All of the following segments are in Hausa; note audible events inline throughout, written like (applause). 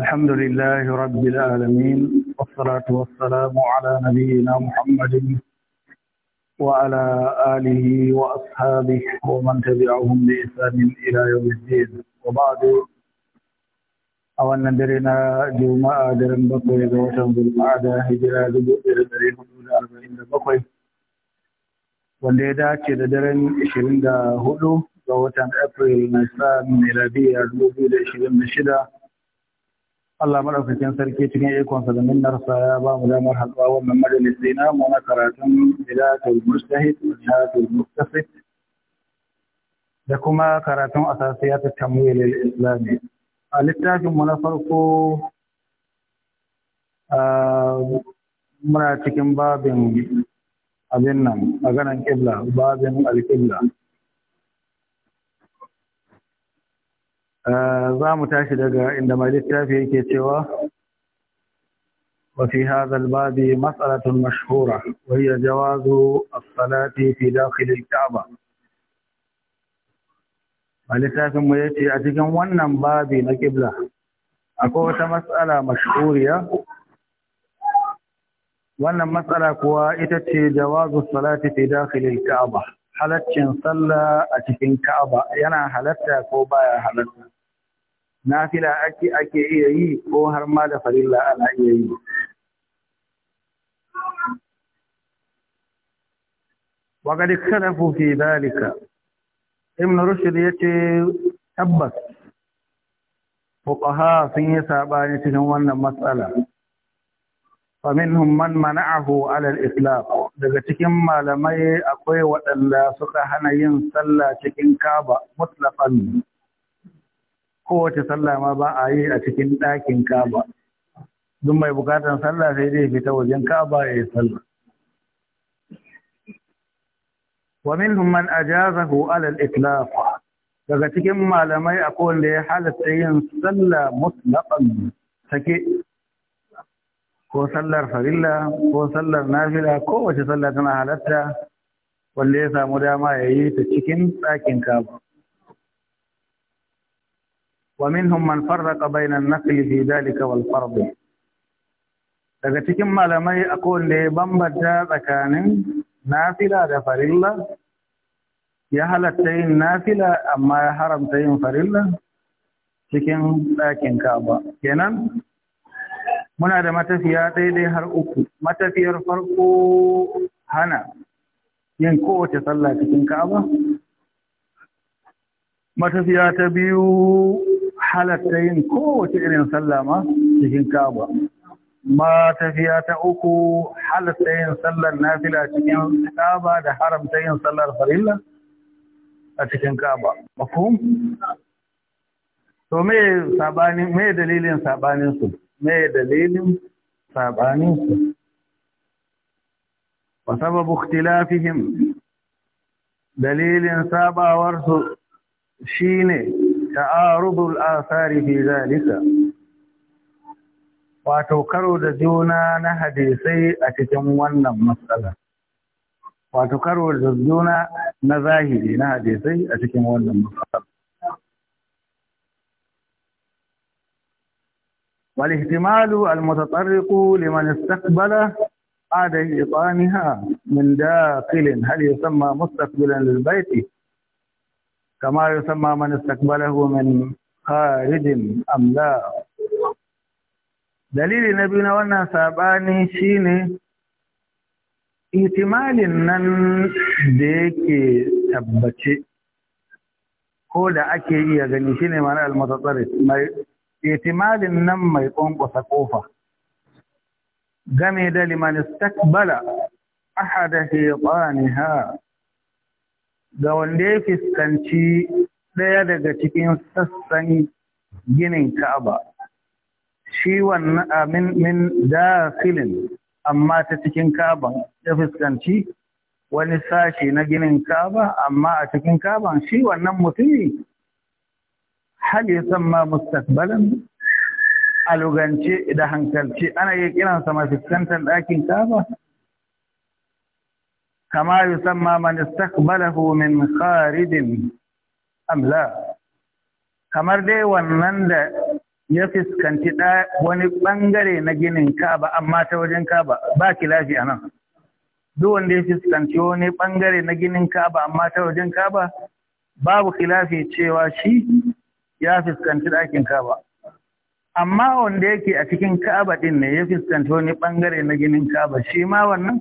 الحمد لله رب العالمين والصلاة والسلام على نبينا محمد وعلى آله وأصحابه ومن تبعهم بإحسان إلى يوم الدين وبعد أولا درنا جمعة درن بقوي دوشن بالمعادة هجرة دبو درن حدود أربعين بقوي wanda ya درن إشرين دا هدو دوشن أبريل April ميلادية sa miladiya بشدة Allah maɗaukakin sarki cikin ikonsa da minnarsa ya ba mu damar haɗuwa wannan majalisi na mu na karatun bidatul mustahid wa jihadul da kuma karatun asasiyat tamwil al-islami a littafin mu na farko muna cikin babin abin nan maganan kibla babin al Eh, za mu tashi daga inda mai littafi yake cewa وفي wa الباب مسألة jawazu a salati fi في داخل mai littafin mu yace a cikin wannan babi na kibla akwai wata matsala mashhuriya wannan matsala kuwa ita ce jawazu salati fi dakhil al-ka'ba halaccin sallah a cikin ka'aba yana halatta ko baya halatta na fila ake ake iya yi ko har ma da farilla ana iya yi. Waga da kada fi dalika, Ibn Rushd ya ce, tabbas, fuqaha sun yi saɓani cikin wannan matsala, famin man mana'ahu alal islam daga cikin malamai akwai waɗanda suka hana yin sallah cikin kaba mutlaqan kowace sallah ma ba a yi a cikin ɗakin kaba duk mai bukatan sallah sai dai fita wajen kaba ya yi sallah wa minhum man ajazahu ala al-itlaq daga cikin malamai akwai wanda ya halatta yin sallah mutlaqan take ko sallar farilla ko sallar nafila ko wace sallah tana halatta wanda ya samu dama ya yi ta cikin ɗakin kaba ومنهم من فرق بين النقل في ذلك والفرض daga cikin malamai akwai wanda ya bambanta tsakanin nafila da farilla ya halatta yin nafila amma ya haramta yin farilla cikin ɗakin kaba kenan muna da matafiya daidai har uku matafiyar farko hana yin kowace sallah cikin kaba matafiya ta biyu halatta yin kowace irin sallah ma cikin Ka'aba. Matafiya ta uku halatta yin sallar nafila cikin Ka'aba da haramta yin sallar farilla a cikin Ka'aba. Mafhum? To me sabanin me dalilin sabanin su? Me dalilin sabanin su? Wa sababu ikhtilafihim dalilin sabawar su shine تعارض الآثار في ذلك واتوكروا دجونا نهدي سي أتتموانا مسألة واتوكروا دجونا نذاهدي نهدي سي أتتموانا مسألة والاهتمال المتطرق لمن استقبل هذه إطانها من داخل هل يسمى مستقبلا للبيت كما يسمى من استقبله من خارج أم لا dalili na biyu na wannan saɓani shine itimalin nan da yake tabbace ko da ake iya gani shine ma'ana almatatsaris mai itimalin nan mai ƙwanƙwasa ƙofa game da liman istakbala ahada shaytaniha ga wanda ya fuskanci ɗaya daga cikin sassan ginin Ka'aba shi wannan amin ah, min da filin, amma ta cikin Ka'aban ya fuskanci wani sashi na ginin Ka'aba amma a cikin Ka'aban shi wannan mutumi hal ya san ma mustaqbalan a lugance da hankalci ana iya kiransa mafuskantar ɗakin Ka'aba كما يسمى من استقبله من خارج أم لا kamar dai wannan da ya fuskanci wani bangare na ginin Ka'aba amma ta wajen Ka'aba ba kilafi anan duk wanda ya fuskanci wani bangare na ginin Ka'aba amma ta wajen Ka'aba babu kilafi cewa shi ya fuskanci ɗakin Ka'aba amma wanda yake a cikin Ka'aba din ne ya fuskanci wani bangare na ginin Ka'aba shi ma wannan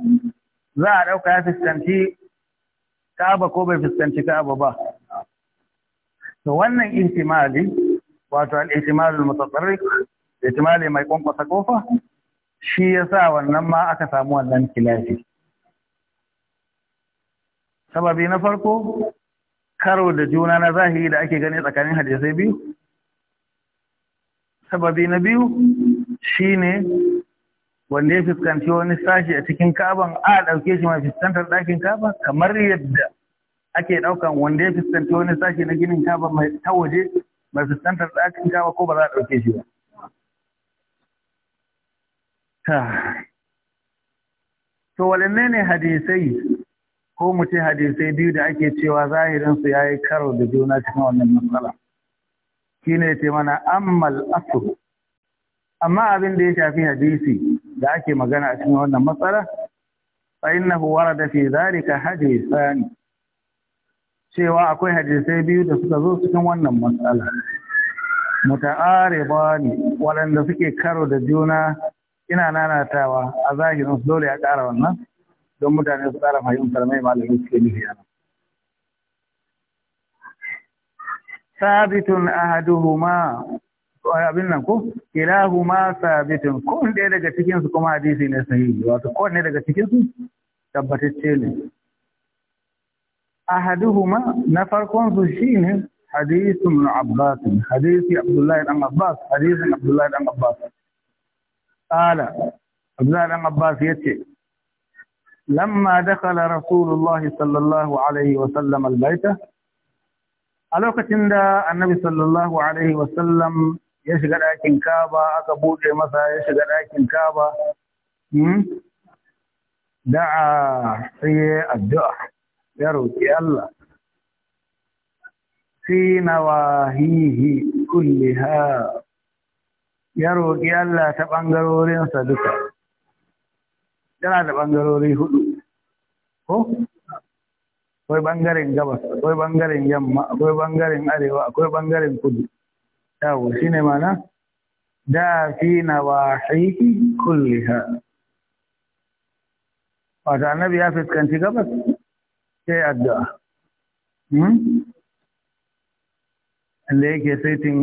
za a ɗauka ya fuskanci Ka'aba ko bai fuskanci Ka'aba ba. To wannan ihtimali wato al-ihtimalul ihtimali mai kwankwasa ƙofa shi ya sa wannan ma aka samu wannan kilafi. Sababi na farko karo da juna na zahiri da ake gani tsakanin hadisai biyu. Sababi na biyu shi ne. wanda ya fuskanci wani sashi a cikin kaban a ɗauke shi mai fuskantar ɗakin kaba kamar yadda ake ɗaukan wanda ya fuskanci wani sashi na ginin kaba mai ta waje mai fuskantar ɗakin kaba ko ba za a ɗauke shi ba. To waɗanne ne hadisai ko mu ce hadisai biyu da ake cewa zahirinsu ya yi karo da juna cikin wannan matsala. Shi ne ce mana ammal asru. Amma abin da ya shafi hadisi da ake magana a cikin wannan matsala fa innahu warada fi dhalika hadithan cewa akwai hadisai biyu da suka zo cikin wannan matsala muta'aribani waɗanda suke karo da juna ina nanatawa a zahirin dole ya ƙara wannan don mutane su ƙara fahimtar mai malamin suke nufi a nan ثابت أحدهما abin nan ko ilahu ma sabitin ko ɗaya daga cikin su kuma hadisi ne sahihi wato ko ne daga cikin su tabbatacce ne ahaduhuma na farkon su shine hadisu ibn abbas hadisi abdullahi abbas abdullahi abbas qala abdullahi abbas yace لما دخل رسول الله صلى الله عليه وسلم البيت a lokacin da annabi sallallahu alaihi wasallam ya shiga ɗakin kaba aka buɗe masa ya shiga ɗakin kaba hmm? da'a sai ya addu'a ya roƙi Allah fi nawahihi kulliha ya roƙi Allah ta ɓangarorinsa duka yana da ɓangarori hudu ko akwai ɓangaren gabas akwai ɓangaren yamma akwai ɓangaren arewa akwai ɓangaren kudu yawo shi ne mana da fi na ba kulli ha. wata annabi ya fuskanci gabas sai addu'a hmm? inda yake setin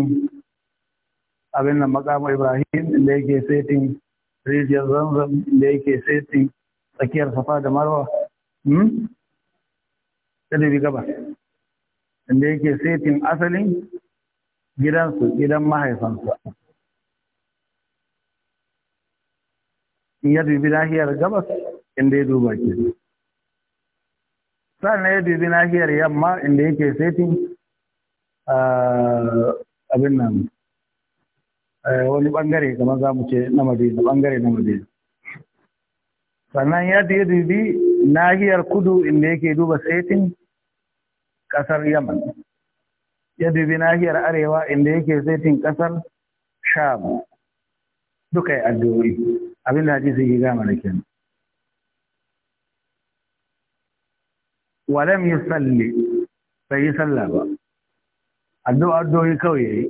abin nan makamu ibrahim inda yake setin rijiyar zanzan inda yake setin tsakiyar safa da marwa hmm? sai da bi gabas inda yake saitin asalin gidansu gidan mahaifansa in ya dubi nahiyar gabas inda ya duba ke sannan ya dubi nahiyar yamma inda yake setin abin nan wani bangare kamar za mu ce na madina bangare na madina sannan ya dubi nahiyar kudu inda yake duba setin kasar yaman ya dubi nahiyar arewa inda yake zaitin kasar sham duka yi addu'o'i abin da hadisi ya gama da kenan walam yusalli bai yi sallah ba addu'a addu'o'i kawai yayi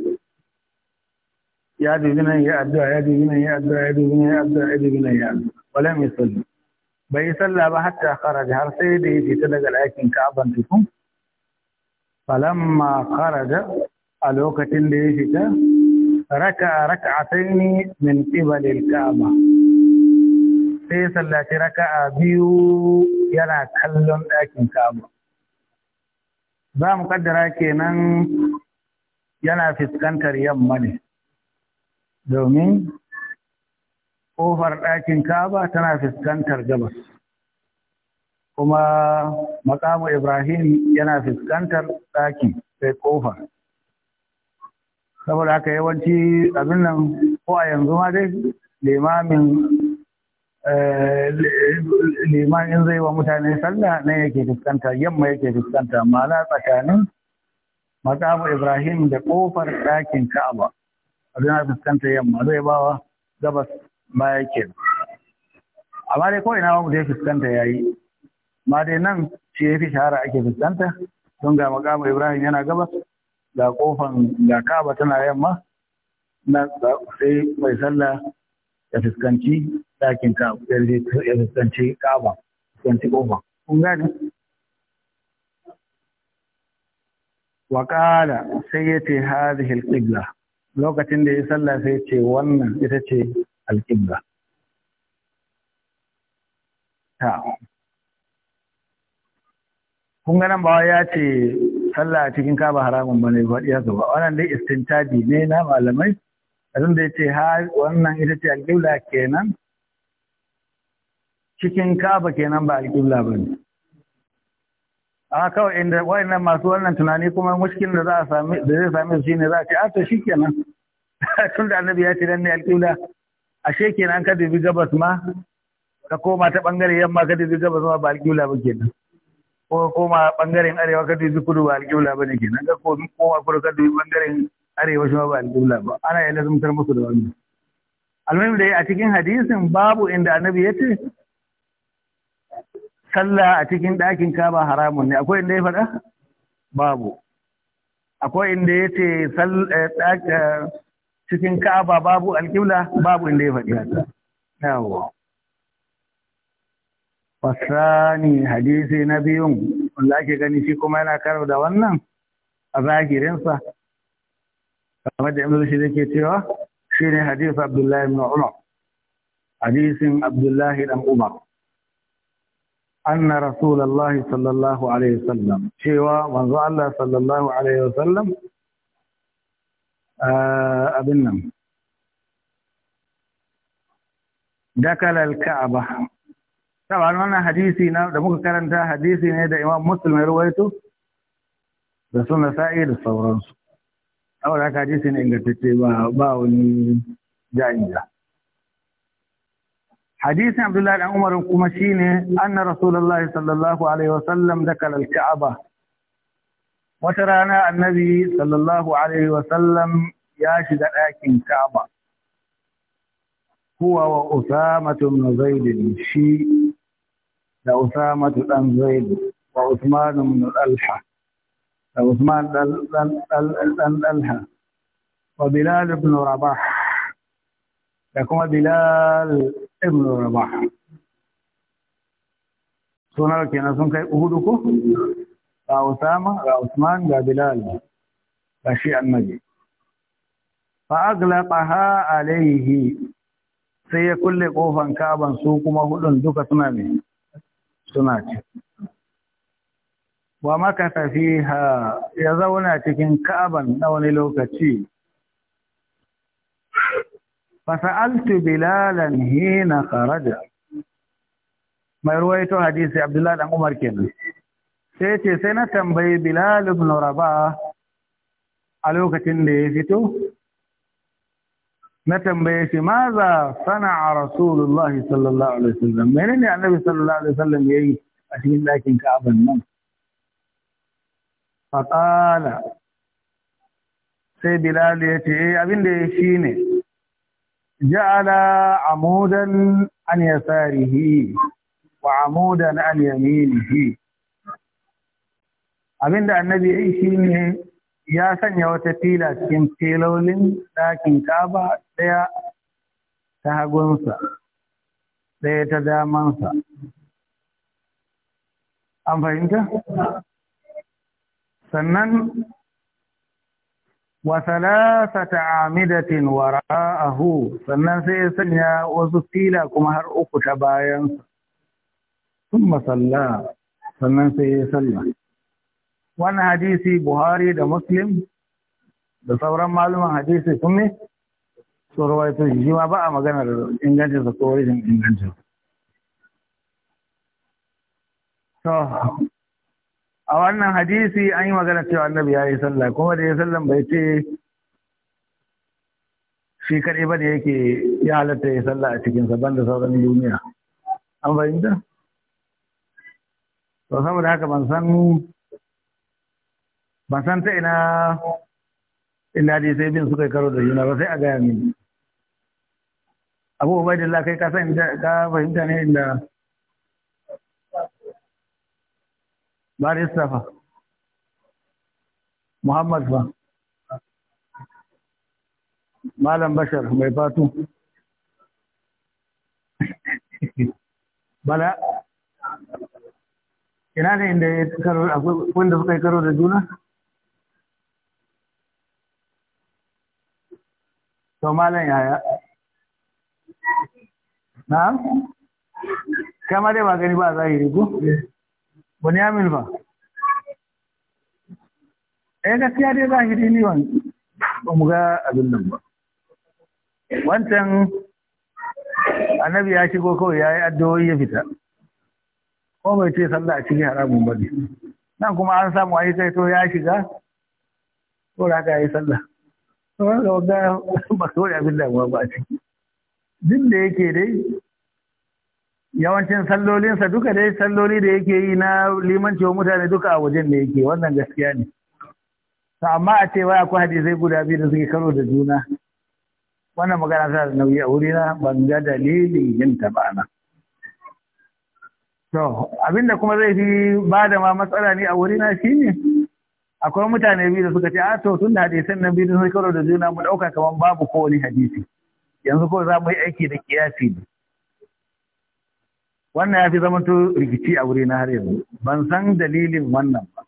ya dubi nan ya addu'a ya dubi nan ya addu'a ya dubi nan ya addu'a ya dubi nan ya addu'a walam yusalli bai yi sallah ba hatta kharaja har sai da ya fita daga ɗakin Ka'aban tukun falamma kharaja a lokacin da ya fita raka raka'ataini min qibalil ka'aba sai sallaci raka'a biyu yana kallon ɗakin kama za mu kaddara kenan yana fuskantar yamma ne domin ƙofar ɗakin kaba tana fuskantar gabas kuma makamu Ibrahim yana fuskantar ɗaki sai kofa. Saboda haka yawanci abin nan ko a yanzu ma dai limamin eh, liman in zai wa mutane sallah na yake fuskanta yamma yake fuskanta mala tsakanin makamu ibrahim da kofar ɗakin ka'aba abin fuskanta yamma zai bawa gabas ma yake amma dai ko ina ma mutum fuskanta yayi amma dai nan shi ya fi shahara ake fuskanta don ga makamu ibrahim yana gabas ga kofan ga kaba tana yamma na sai mai sallah ya fuskanci ɗakin kaba ya fuskanci kaba fuskanci kofa kun gani waƙala sai ya ce hadhihi alqibla lokacin da ya sallah sai ce wannan ita ce alqibla ta kun ga nan ba ya ce sallah a cikin kaba haramun ba ne faɗi haka ba wannan dai istintaji ne na malamai abin da ya ce ha wannan ita ce alƙibla kenan cikin kaba kenan ba alƙibla ba ne a kawai inda wayannan masu wannan tunani kuma mushkin da za a sami da zai sami shi ne za a ce a to kenan (laughs) tun da annabi ya ce dan ne alƙibla ashe kenan ka dubi gabas ma ka koma ta bangare yamma ka dubi gabas ma ba alƙibla ba kenan ko koma bangaren arewa ka dubi kudu ba alƙibla ba ne ke nan ko koma kudu ka dubi bangaren arewa shi ba alƙibla ba ana yi lazumtar musu da wannan almuhim da a cikin hadisin babu inda annabi ya ce sallah a cikin ɗakin ka ba haramun ne akwai inda ya faɗa babu akwai inda ya ce eh, eh, cikin ka ba babu alƙibla babu inda ya faɗi haka yawo fasani hadisi na biyun wanda ake gani shi kuma yana karo da wannan a zahirinsa kamar da imam shi ke cewa shi ne hadisi abdullahi ibn umar hadisin abdullahi dan umar An na rasulullahi sallallahu alaihi wasallam cewa manzo Allah sallallahu alaihi wasallam ah, abin nan dakalar kaaba Saban wannan hadisi da muka karanta hadisi ne da Imam Muslim ya da suna sa'i da sauransu. Saboda hadisi ne ingantacce ba ba wani ja'inja. Hadisin Abdullahi dan Umar kuma shine anna Rasulullahi sallallahu alaihi wasallam dakala al-Ka'aba. Wata rana Annabi sallallahu alaihi wasallam ya shiga ɗakin Ka'aba. Huwa wa Usama shi da Usama dan Zaid wa Usman ibn Talha da Usman dan Talha wa Bilal ibn Rabah da kuma Bilal ibn Rabah sunar na sun kai uhudu ko ga Usama ga Usman ga Bilal ga shi annabi fa aglaqaha alayhi sai ya kulle kofan kaban su kuma hudun duka suna ne suna ci wa tafi ha ya zauna cikin ka'aban na wani lokaci fasa'altu bilalan hina karaja mai ruwaito hadisi abdullahi dan umar kenan sai ce sai na tambayi bilal ibn rabah a lokacin da ya fito na tambaye shi maza za sana'a rasulullahi sallallahu alaihi wasallam menene annabi sallallahu alaihi ya yi a cikin ɗakin ka'aban nan faqala sai bilal ya ce eh abin da shi ne ja'ala amudan an yasarihi wa amudan an yaminihi abin da annabi shi ne ya sanya wata fila cikin filolin ɗakin ka'aba ɗaya ta hagunsa ɗaya ta damansa an fahimta sannan wa salasata amidatin wara'ahu sannan sai ya sanya wasu fila kuma har uku ta bayansa sun masalla sannan sai ya salla wani hadisi buhari da muslim da sauran malaman hadisi sun ne sun ya tunshi shi ma ba a magana da ingancinsa ko rashin ingancin to a wannan hadisi an yi magana cewa annabi ya yi sallah kuma da ya sallan bai ce shi kaɗai ba da yake ya halatta ya sallah a cikinsa ban da sauran duniya an fahimta to saboda haka ban san ban san ta ina ina dai sai bin suka karo da juna ba sai a gaya mini abu ubaidillah kai ka san ka fahimta ne inda barista fa muhammad fa malam bashar mai fatu bala ina ne inda ya karo akwai wanda suka yi karo da juna to malam yaya na'am Kama dai ba gani ba a zahiri Bani bunyamin fa eh gaskiya dai zahiri ne wani ba mu ga abin nan ba wancan annabi ya shigo kawai ya yi addu'o'i ya fita ko bai ce sallah a cikin haramun ba ne nan kuma an samu a yi kai to ya shiga ko da haka ya yi sallah to ga ga ba so da abin damuwa ba a ciki duk da yake dai yawancin sallolinsa duka dai salloli da yake yi na limanci wa mutane duka a wajen da yake wannan gaskiya ne to amma a ce wai akwai hadisai guda biyu da suke karo da juna wannan magana ta da nauyi a wurina ban ga dalilin yin ta to abinda kuma zai fi ba da ma matsala ne a wurina shine akwai mutane biyu da suka ce a ah, to tun da hadisan nan biyu sun karo da juna mu ɗauka kamar babu kowane hadisi yanzu kawai za mu yi aiki da kiyasi ne wannan ya fi zamanto rikici a wuri na har yanzu ban san dalilin wannan ba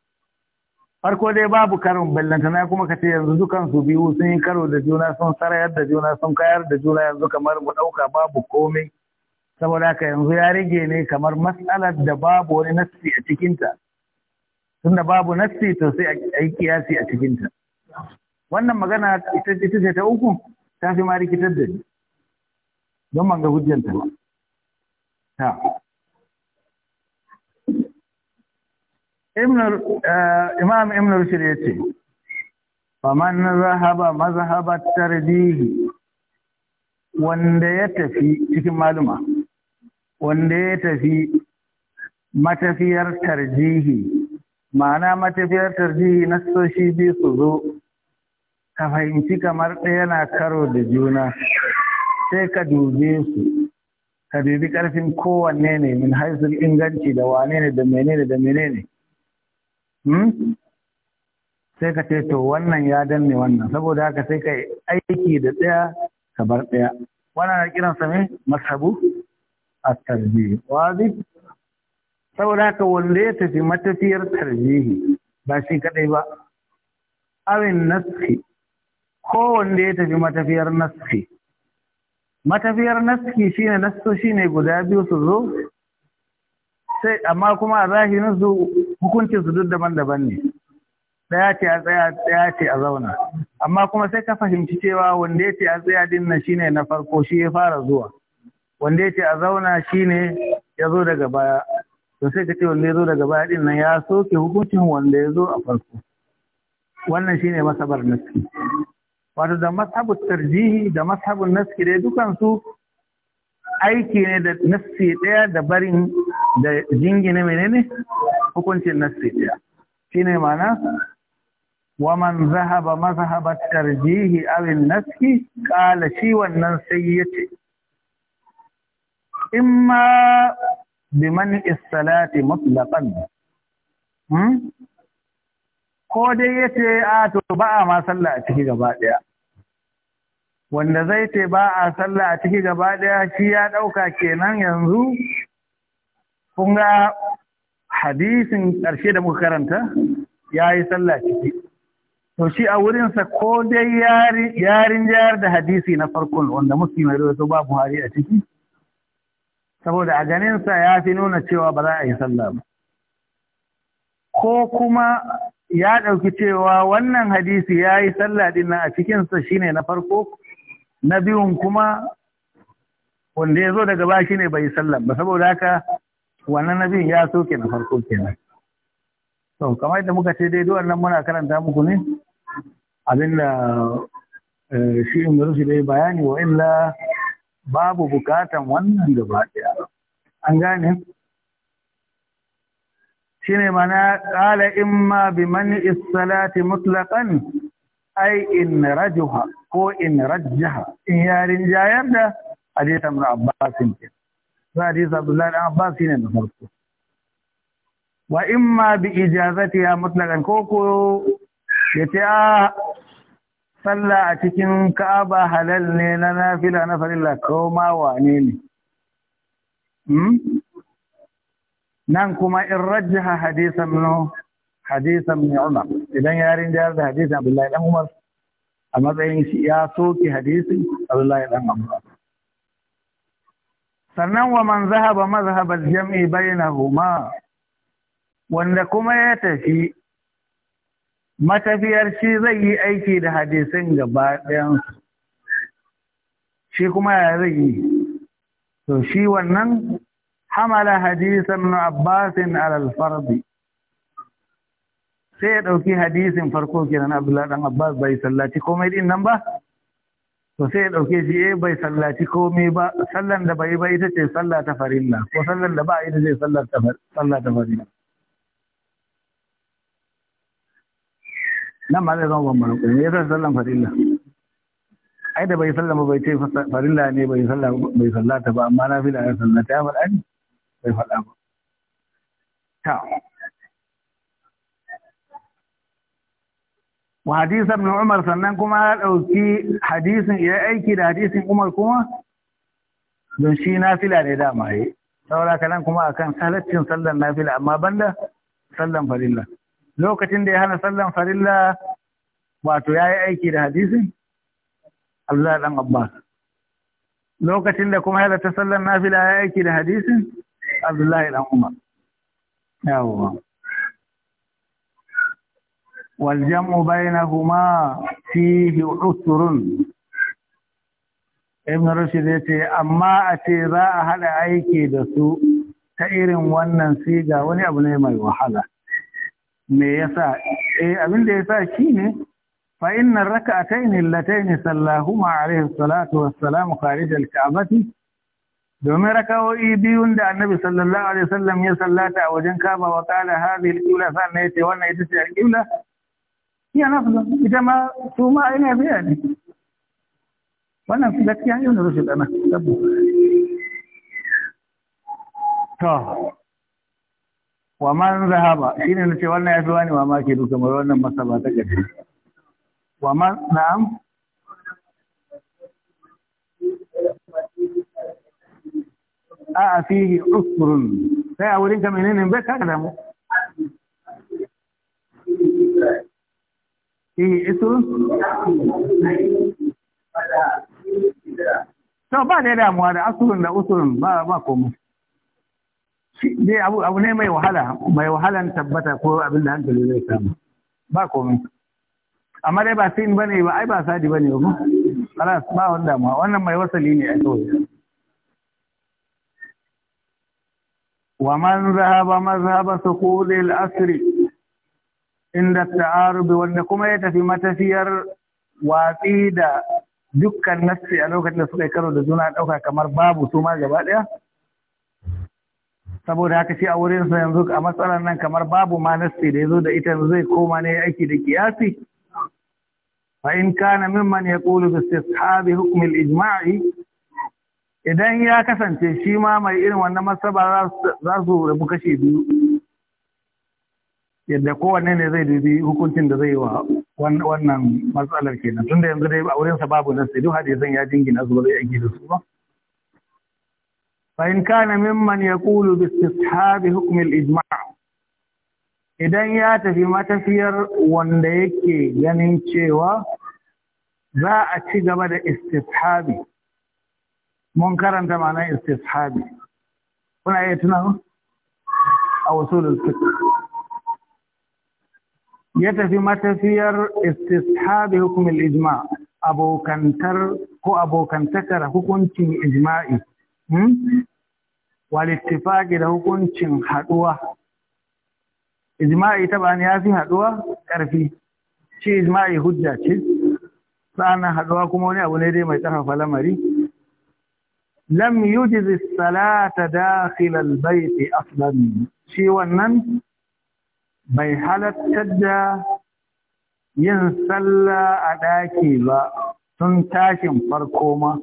farko dai babu karin ballantana kuma ka ce yanzu dukan su biyu sun yi karo da juna sun sarayar da juna sun kayar da juna yanzu kamar mu ɗauka babu komai saboda haka yanzu ya rage ne kamar matsalar da babu wani nassi a cikinta tunda babu nassi to sai a yi kiyasi a cikinta wannan magana ita ce ta uku ta fi ma rikitar da ni don manga ga hujjanta ba ta eh, imam ibn shirya ya ce na zahaba mazhaba tardihi wanda ya tafi cikin maluma wanda ya tafi matafiyar tarjihi ma'ana matafiyar tarjihi na soshi biyu su zo ka fahimci kamar ɗaya na karo da juna sai ka dube su ka dubi ƙarfin kowanne ne min haisul inganci da wane ne da menene da menene hmm? sai ka ce to wannan ya danne wannan saboda haka sai ka aiki da ɗaya ka bar ɗaya wannan na kiransa ne masabu a tarbihi wazi saboda haka wanda ya tafi matafiyar tarbihi ba shi kaɗai ba awin naski kowanne ya tafi matafiyar naski matafiyar naski shi ne nasto shi ne guda biyu su zo sai amma kuma a zahirin su hukuncin su duk daban-daban ne daya ce a tsaya daya ce a zauna amma kuma sai ka fahimci cewa wanda ya ce a tsaya din nan ne na farko shi ya fara zuwa wanda ya ce a zauna shi ne ya zo daga baya to sai ka ce wanda ya zo daga baya din nan ya soke hukuncin wanda ya zo a farko wannan shi ne masabar naski wato da mashabu tarjihi da mashabun naski dai dukansu aiki ne da nassi ɗaya da barin da jingine menene hukuncin nassi ɗaya shine wa waman zahaba mazhabat tarjihi awin naski kala shi wannan sai yace imma is salati mutlaqan hmm? ko dai ya ce a to ba a ma sallah a ciki gaba ɗaya wanda zai ce ba a sallah a ciki gaba ɗaya shi ya ɗauka kenan yanzu kun ga hadisin ƙarshe da muka karanta ya yi sallah ciki to shi a wurinsa ko dai yarin jayar da hadisi na farkon wanda musulmi rawaito ba buhari a ciki saboda a ganinsa ya fi nuna cewa ba za a yi sallah ba ko kuma ya ɗauki cewa wannan hadisi ya yi sallah ɗin a cikinsa shi ne na farko na biyun kuma wanda ya zo daga ba ne bai sallah ba saboda haka wannan na biyun ya soke na farko kenan to kamar yadda muka ce dai wannan muna karanta muku ne abinda eh, shi in da dai bayani wa illa babu bukatan wannan gaba ɗaya an gane shine mana in ma bi man'i salati mutlaƙan? ai in rajuha ko in rajjaha in yarin jayar da hadith ibn abbas ne hadith abdullah ibn abbas ne na farko wa in ma bi ijazatiha mutlaqan ko ko yace a salla a cikin ka'aba halal ne na nafila na farilla ko ma wane ne hmm? nan kuma in rajjaha hadisan no hadisan mai umar idan yarin jayar da hadisan abdullahi dan umar a matsayin shi ya soke hadisin abdullahi dan umar sannan wa man zahaba ba jam'i bainahuma wanda kuma ya tafi matafiyar shi zai yi aiki da hadisin gaba ɗayansu shi kuma ya zai yi to shi wannan حمل حديث ابن عباس على الفرض sai ya ɗauki hadisin farko kenan Abdullahi dan Abbas bai sallaci komai din nan ba to sai ya ɗauke shi eh bai sallaci komai ba sallan da bai ba ita ce sallah ta farilla ko sallan da ba ita ce sallar ta farilla nan ma zai zama bambara ko ne zai sallan farilla ai da bai sallan ba bai ce farilla ne bai sallah bai sallata ba amma na fi fila ya sallata ya faɗa ne bai faɗa ba ta wa hadisan ibn Umar sannan kuma ya ɗauki hadisin ya aiki da hadisin Umar kuma don shi nafila ne dama yi saura kalan kuma akan salaccin sallan nafila amma banda sallan farilla lokacin da ya hana sallan farilla wato ya yi aiki da hadisin Abdullahi ɗan Abbas lokacin da kuma ya ta sallan nafila ya aiki da hadisin abdullahi dan umar yawwa wal jam'u bainahuma fihi usrun ibn rushd yace amma a ce za a haɗa aiki da su ta irin wannan siga wani abu ne mai wahala me yasa eh abin da yasa shine fa inna rak'atayn salatu domin rakawo'i biyun da annabi sallallahu alaihi wasallam ya sallata a wajen kaba wa qala hadhihi al-qibla sannan yace wannan ita ce al-qibla ya nafla ita ma su ma ina biya ne wannan su gaskiya yau na rushe dana dabbo to wa man zahaba shine nace wannan yafi wani mamaki duka mai wannan masaba ta gaske wa man na'am a fihi usrun sai a wurin ka menene bai ka damu fihi usrun to ba da damuwa da asrun da usrun ba ba komai dai abu abu ne mai wahala mai wahalan tabbata ko abin da hankali zai samu ba komai amma dai ba sin bane ba ai ba sadi bane ba kala ba wanda damuwa wannan mai wasali ne a to ومن ذهب مذهب سقوط الأسر عند التعارض wanda kuma ya tafi matafiyar watsi da dukkan nassi a lokacin da suka yi karo da juna ɗauka kamar babu gaba saboda haka shi a wurin sa yanzu a matsalar nan kamar babu ma nasi da yazo da ita zai koma ne aiki da kiyasi fa in kana mimman yaqulu bi istihab hukm al ijma'i idan ya kasance shi ma mai irin wannan masaba za su rabu kashi biyu yadda kowanne ne zai dubi hukuncin da zai yi wa wannan matsalar kenan tunda yanzu dai a wurinsa babu na sai duk hadisan ya jingina su ba zai aiki da su ba fa in kana mimman ya bi istishab hukm ijma' idan ya tafi matafiyar wanda yake ganin cewa za a ci gaba da istishabi mun karanta ma'anar istishabi kuna iya tunawa a wasu fiqh ya tafi matafiyar istishabi hukumin ijma abokantar ko abokantakar hukuncin ijma'i hmm? walittifaki da hukuncin haduwa ijma'i ta ya fi haduwa ƙarfi shi ijma'i hujja ce sa'annan haduwa kuma wani abu ne dai mai ƙarfafa lamari lam yujiz salata dakhil al-bayt aslan shi wannan bai halatta da yin salla a ɗaki ba tun tashin farko ma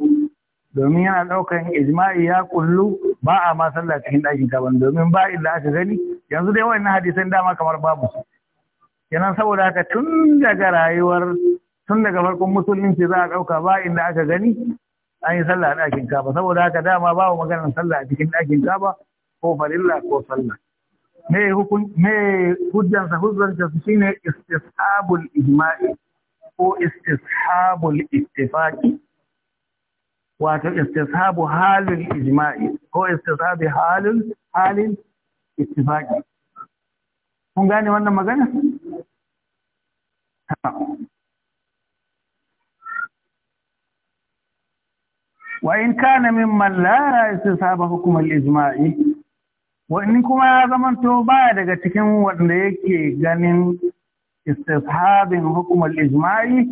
domin yana daukan ijma'i ya kullu ba a ma salla cikin ɗakin kaban domin ba illa aka gani yanzu dai wannan hadisan dama kamar babu kenan saboda haka tun daga rayuwar tun daga farkon musulunci za a ɗauka ba inda aka gani an yi sallah a ɗakin kaba saboda haka dama babu maganar sallah a cikin ɗakin kaba ko farilla ko sallah me hukun me hujjansa hujjansa shine istishabul ijma'i ko istishabul ittifaqi wato istishabu halul ijma'i ko istishabi halul halin ittifaqi kun gane wannan magana وإن كان ممن لا استساب حكم الإجماع وإن كما زمن توبا daga cikin wanda yake ganin istishabin hukum al-ijma'i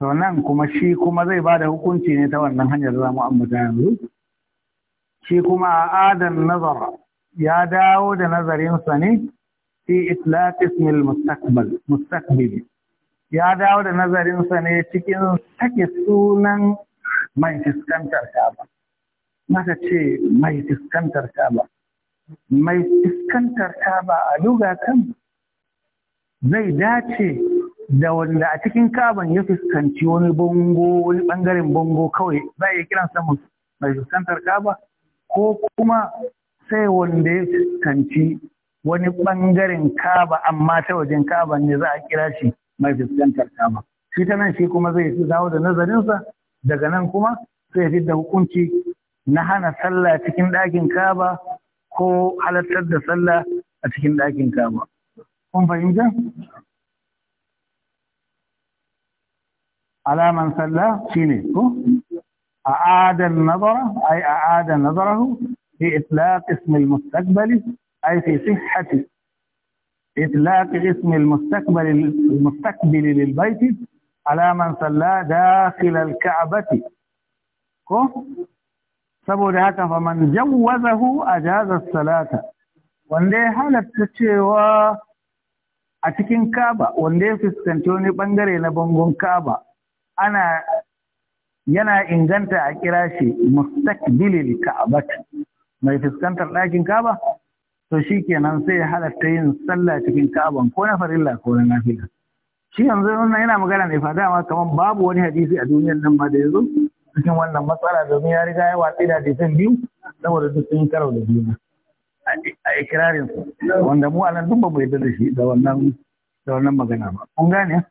to nan kuma shi kuma zai bada hukunci ne ta wannan hanyar da mu ambata yanzu shi kuma adan nazar ya dawo da sa ne fi itlaq ism al-mustaqbal mustaqbil ya dawo da sa ne cikin sake sunan mai fuskantar Ka'aba maka ce mai fuskantar Ka'aba mai fuskantar Ka'aba a duga kan zai dace da wanda a cikin kaban ya fuskanci wani bango wani bangaren bango kawai za iya kiran sa mai fuskantar Ka'aba ko kuma sai wanda ya fuskanci wani bangaren kaba, amma ta wajen Ka'aban ne za a kira shi mai fuskantar Ka'aba shi ta nan shi kuma zai dawo da nazarinsa daga nan kuma sai ya fidda hukunci na hana sallah cikin ɗakin kaba ko halartar da sallah a cikin ɗakin kaba. Kun fahimta? alaman sallah shi ne ko A adan nazara ai a adan nazara hu, fi itlaƙi ismi al ai fi sihhati itlaq ism al المستقبل al-mustaqbal ala man salla dakhil al-ka'bati ko saboda haka fa man jawwazahu ajaza salata wanda ya halatta cewa a cikin Kaaba wanda ya fuskanci wani bangare na bangon Kaaba ana yana inganta a kira shi mustaqbilil ka'bati mai fuskantar ɗakin Kaaba to shikenan sai ya halatta yin sallah cikin ka'aba ko na farilla ko na nafila shi yanzu wannan yana magana ne fa dama kamar babu wani hadisi a duniyar nan ma da yanzu. cikin wannan matsala domin ya riga ya watsi da hadisan biyu saboda duk sun karau da juna a ikirarin su wanda mu anan duk ba mu yarda da shi da wannan da wannan magana ba kun gane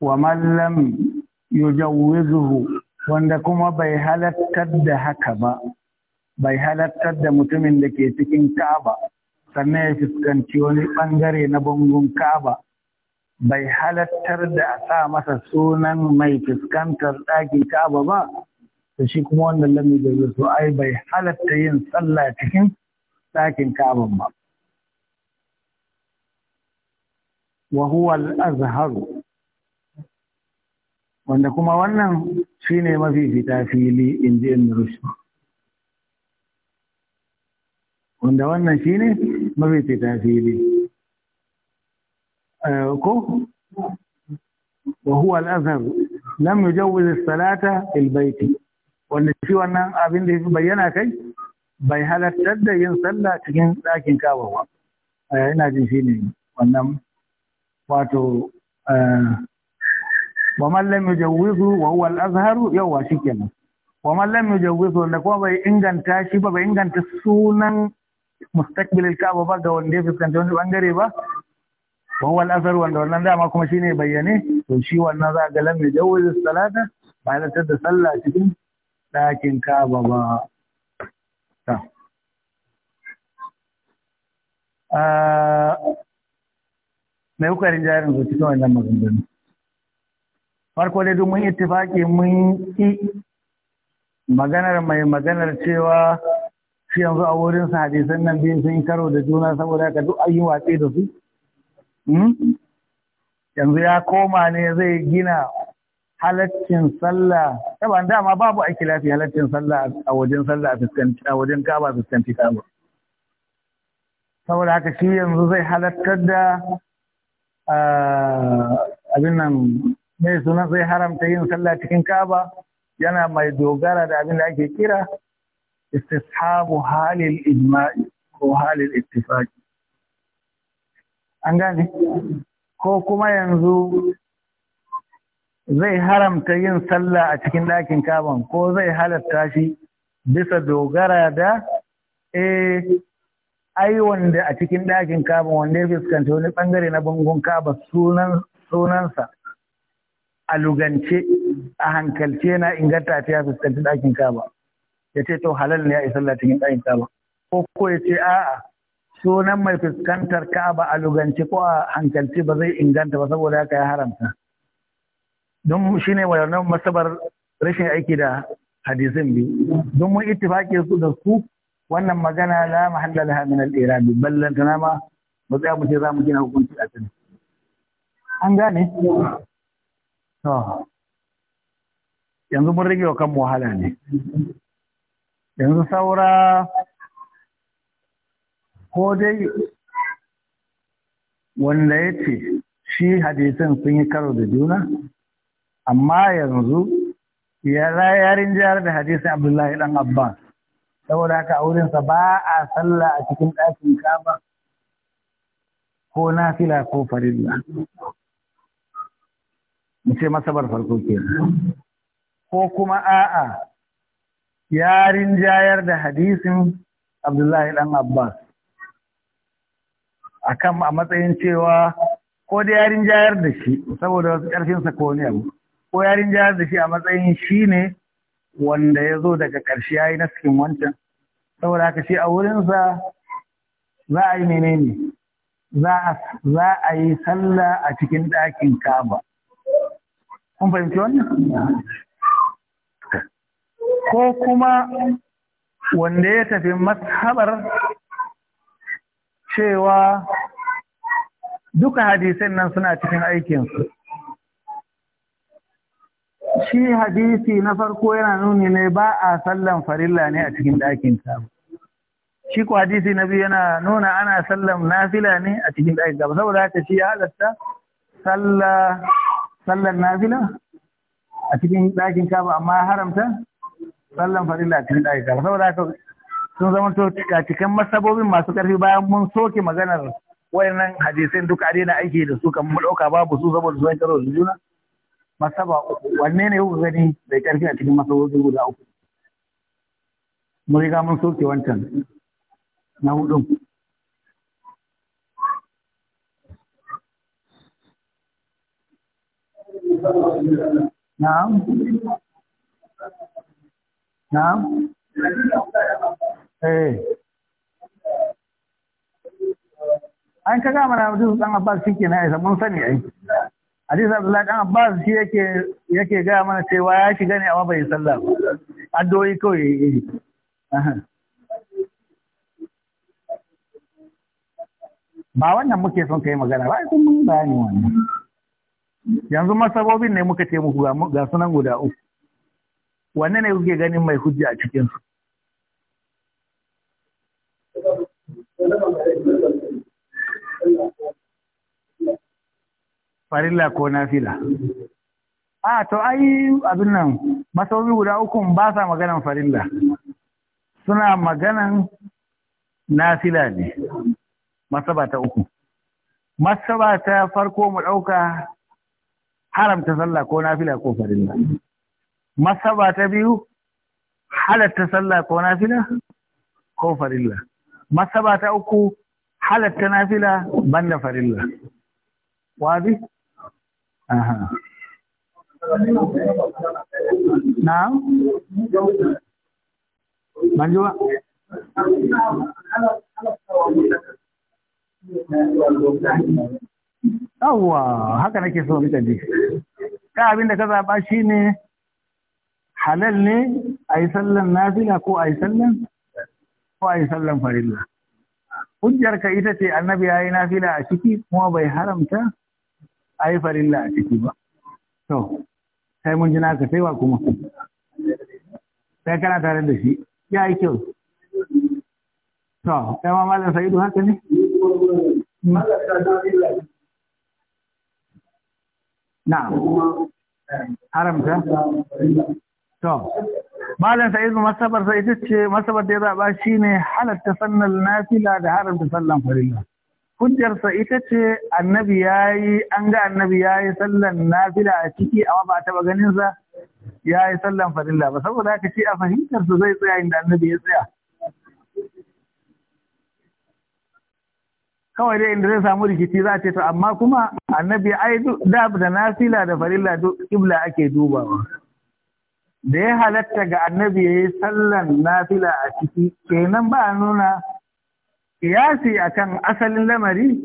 wa man lam yujawwizuhu wanda kuma bai halattar da haka ba bai halattar da mutumin da ke cikin Ka'aba sannan ya fuskanci wani ɓangare na bangon ka'aba bai halattar da a sa masa sunan mai fuskantar ɗakin kaba ba da shi kuma wannan lami da zai ai bai halatta yin sallah cikin ɗakin kaba ba wahuwal azharu wanda kuma wannan shine mafi fita fili in ji in rushe. wanda wannan shi ne mafi tasiri eh, ko wahu al'azar, al-azhar lam yujawwiz salata ilbaiti wanda shi wannan abin da bayyana kai bai halartar da yin sallah cikin ɗakin kawawa eh, ina jin shi ne wannan wato eh, wa man lam yujawwizu wa huwa al-azhar yawa shikenan wa man lam yujawwizu da kuma bai inganta shi ba bai inganta sunan al ka'aba ba ga wanda yake kan wani bangare ba wal asar wanda wannan dama kuma shine bayyane to shi wannan za ga da yajawuz salata ba halatar da sallah cikin ɗakin ka'aba ba ta mai hukarin jarin su cikin wannan maganganu farko dai mun ittifaki mun yi maganar mai maganar cewa shi yanzu a wurin sa hadisan nan biyu sun karo da juna saboda ka duk an yi watsi da su hmm? yanzu ya koma ne zai gina halaccin sallah taban dama babu aiki lafi halaccin sallah a wajen sallah fuskanci a wajen kaba fuskanci kaba saboda haka shi yanzu zai halattar da ah, abin nan mai suna zai haramta yin sallah cikin kaba yana mai dogara da abin da ake kira istishabu حال ijma'i ko halil ittifaqi ko kuma yanzu zai haramta yin sallah a cikin ɗakin kaban ko zai halatta shi bisa dogara da eh ai wanda a cikin ɗakin kaban wanda ya fuskanta wani ɓangare na bangon kaba sunan sunansa a lugance a hankalce na inganta ta ya fuskanci ɗakin kaba ya ce to halal ne ya isa Allah cikin ɗakin ka'aba ko ko ya ce a'a sunan mai fuskantar ba a luganci ko a hankalci ba zai inganta ba saboda haka ya haramta don shine wannan masabar rashin aiki da hadisin biyu don mun ittifaqi su da su wannan magana la mahalla laha min al-irab ballantana ma ba za mu ce za mu gina hukunci a can an gane to yanzu mun rage wa kan wahala ne yanzu saura ko dai wanda ya ce shi hadisin sun yi karo da juna amma yanzu ya yarin jihar da hadisi abdullahi dan Abba saboda haka a wurinsa ba a salla a cikin ɗakin kaba ko nafila ko farilla mu ce masabar farko kenan ko kuma a'a ya rinjayar da hadisin Abdullahi ɗan Abbas. A kan a matsayin cewa ko da ya rinjayar da shi saboda wasu ƙarfinsa ko ne abu, ko ya rinjayar da shi a matsayin shi ne wanda ya zo daga ƙarshe ya yi na cikin wancan. Saboda haka shi a wurinsa za a yi menene za a yi sallah a cikin ɗakin kaba Kun fahimci wannan? ko kuma wanda ya tafi mashabar cewa duka hadisin nan suna cikin aikinsu shi hadisi na farko yana nuni ne ba a sallan farilla ne a cikin ɗakin kaba shi ku hadisi na biyu yana nuna ana sallan nafila ne a cikin ɗakin kaba saboda haka shi ya halatta sallan nafila a cikin ɗakin kaba amma haramta sallan farilla cikin ɗaki kar saboda haka sun zama to cikin masabobin masu ƙarfi bayan mun soke maganar wayannan hadisai duka a daina aiki da su kan mu ɗauka babu su saboda su karo da juna masaba uku wanne ne kuka gani da ƙarfi a cikin masabobi guda uku mun riga mun soke wancan na hudun Na'am. na'am eh an ka gama na mutum dan Abbas shi ke na isa mun sani ai hadisi Abdullahi dan Abbas shi yake yake gaya mana cewa ya shiga ne amma bai sallah ba addu'o'i kawai yayi ba wannan muke son kai magana ba kun mun bayani wannan yanzu masabobin ne muka ce muku ga sunan guda uku wanne ne kuke ganin mai hujja a cikinsu farilla ko nafila a to ai abin nan masauki guda ukun ba sa maganan farilla suna maganan nafila ne masaba ta uku masaba ta farko mu ɗauka haramta sallah ko nafila ko farilla masaba ta biyu halatta sallah ko nafila ko farilla masaba ta uku halatta nafila banda farilla wazi aha na manjuwa yawwa haka nake so mutane ka abin da ka zaba shine halal ne a yi sallan nafila ko a yi sallan ko a yi sallan farilla hujjar ka ita ce annabi ya yi nafila a ciki kuma bai haramta a yi farilla a ciki ba to sai mun ji ka sai wa kuma sai kana tare da shi ya yi kyau to kai ma malam sa'idu haka ne na'am haramta To, Malam Sa'id masabar sai ita ce masabar da ya zaɓa shi ne halatta sannan nafila da haramta sallan farilla. Hujjarsa ita ce annabi ya yi, an ga annabi ya yi sallan nafila a ciki amma ba a taɓa ganinsa ya yi sallan farilla ba. Saboda haka ce a fahimtarsa zai tsaya inda annabi ya tsaya. kawai dai inda zai samu rikici za ce to amma kuma annabi ai da nafila da farilla duk ibla ake dubawa da ya halatta ga annabi ya yi sallan nafila a ciki kenan ba a nuna kiyasi akan asalin lamari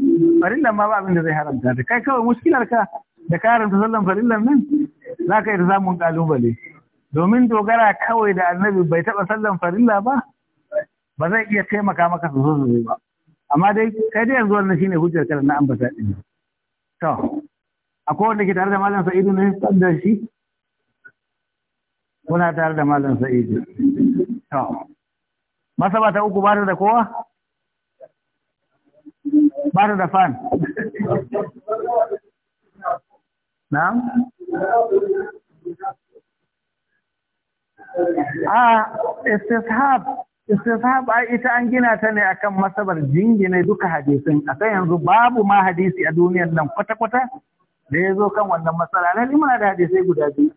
farillan ma ba abin zai haramta ta kai kawai muskilar ka da karanta sallan farillan nan za ka yi ta samun kalubale domin dogara kawai da annabi bai taba sallan farilla ba ba zai iya taimaka maka sosai sosai ba amma dai kai dai yanzu wannan shine hujjar kana na ambata din to akwai wanda ke tare da malam sa'idu ne da shi kuna tare da malam sa'idu to masaba ta uku bada da kowa Bada da fan na'am a istishab istishab a ita an gina ta ne akan masabar jingine duka hadisin akan yanzu babu ma hadisi a duniyar nan kwata-kwata da ya zo kan wannan masala na muna da hadisai guda biyu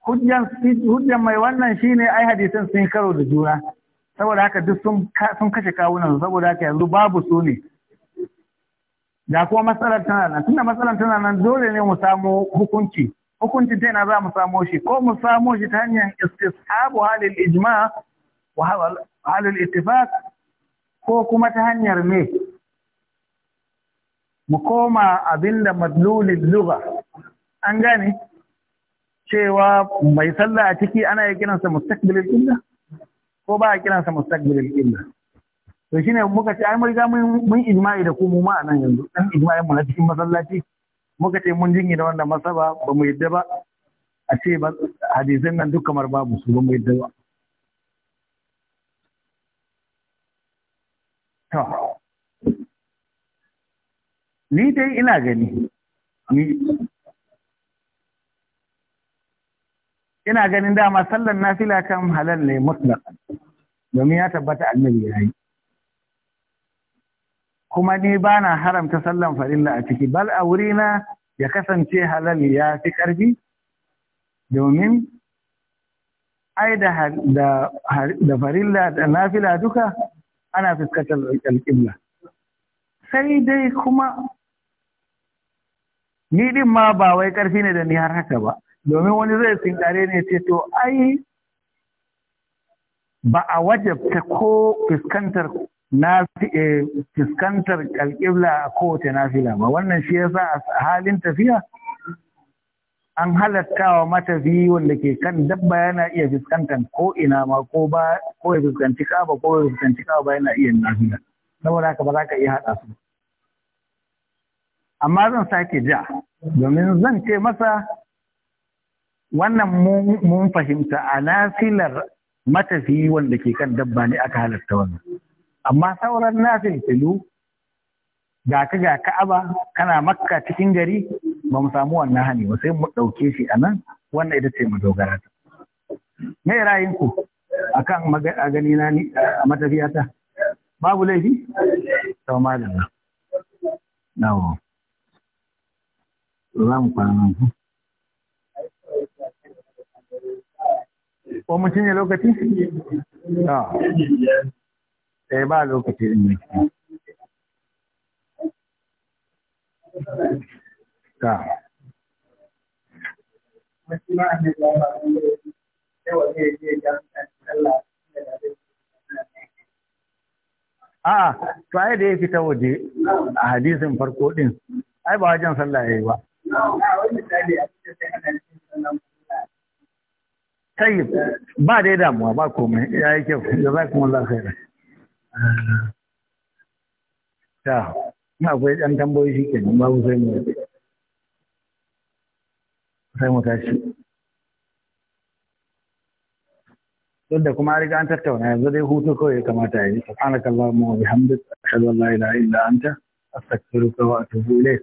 hujjan mai wannan shine ai hadisan sun karo da juna saboda haka duk sun kashe kawunan saboda haka yanzu babu su ne da kuma matsalar tana nan tunda matsalar tana nan dole ne mu samo hukunci Hukunci ta yana za mu samo shi ko mu samo shi ta hanyar istishabu halil ijma wa halil ittifaq ko kuma ta hanyar me mu koma abinda madlulin lugha an gane cewa mai sallah a ciki ana yi kiransa mustaqbilil qibla ko ba a kiransa mustaqbilil qibla to shine muka ce ai mun riga mun ijma'i da ku mu ma nan yanzu dan ijma'in mu na cikin masallaci muka ce mun jingi da wanda masaba ba mu yadda ba a ce ba hadisin nan duk kamar babu su ba mu yadda ba to ni dai ina gani ni ina ganin dama sallar nafila kan halal ne mutlaqan domin ya tabbata annabi ya yi kuma ni bana haramta sallan farilla a ciki bal a wurina ya kasance halal ya fi ƙarfi domin ai da da farilla da nafila duka ana fuskantar alƙibla sai dai kuma ni din ma ba wai karfi ne da ni har haka ba domin wani zai tsinkare ne ce to ai ba a wajabta ko fuskantar na eh, fuskantar alƙibla a kowace nafila ba wannan shi yasa a halin tafiya an wa matafi wanda ke kan dabba yana iya fuskantar ko ina ma ko ba ko ya fuskanci kaba ko ya fuskanci kaba ba yana iya nafila saboda haka ba za ka iya haɗa su amma zan sake ja domin zan ce masa wannan mun fahimta a nasilar matafiyi wanda ke kan dabba ne aka halatta wannan amma sauran nasil filu ga ka ga ka'aba kana makka cikin gari ba mu samu wannan hani ba sai mu ɗauke shi a nan wannan ita ce mu dogara ta me ra'ayinku akan a gani na ni a matafiyata babu laifi sau malam na za mu ku. ko mu cinye lokaci? Na. Eh ba lokaci in ne. Ta. A'a, to ai da ya fita waje a hadisin farko din, ai ba wajen sallah ya yi ba. tsayi ba dai damuwa ba komai ya yi kyau da za kuma za khairar ta na akwai ɗan tamboyi shi kenan babu sai mu sai mu tashi duk da kuma riga an tattauna yanzu dai hutu kawai ya kamata ya yi mu wa bihamdika ashhadu an la ilaha illa anta astaghfiruka wa atubu ilayk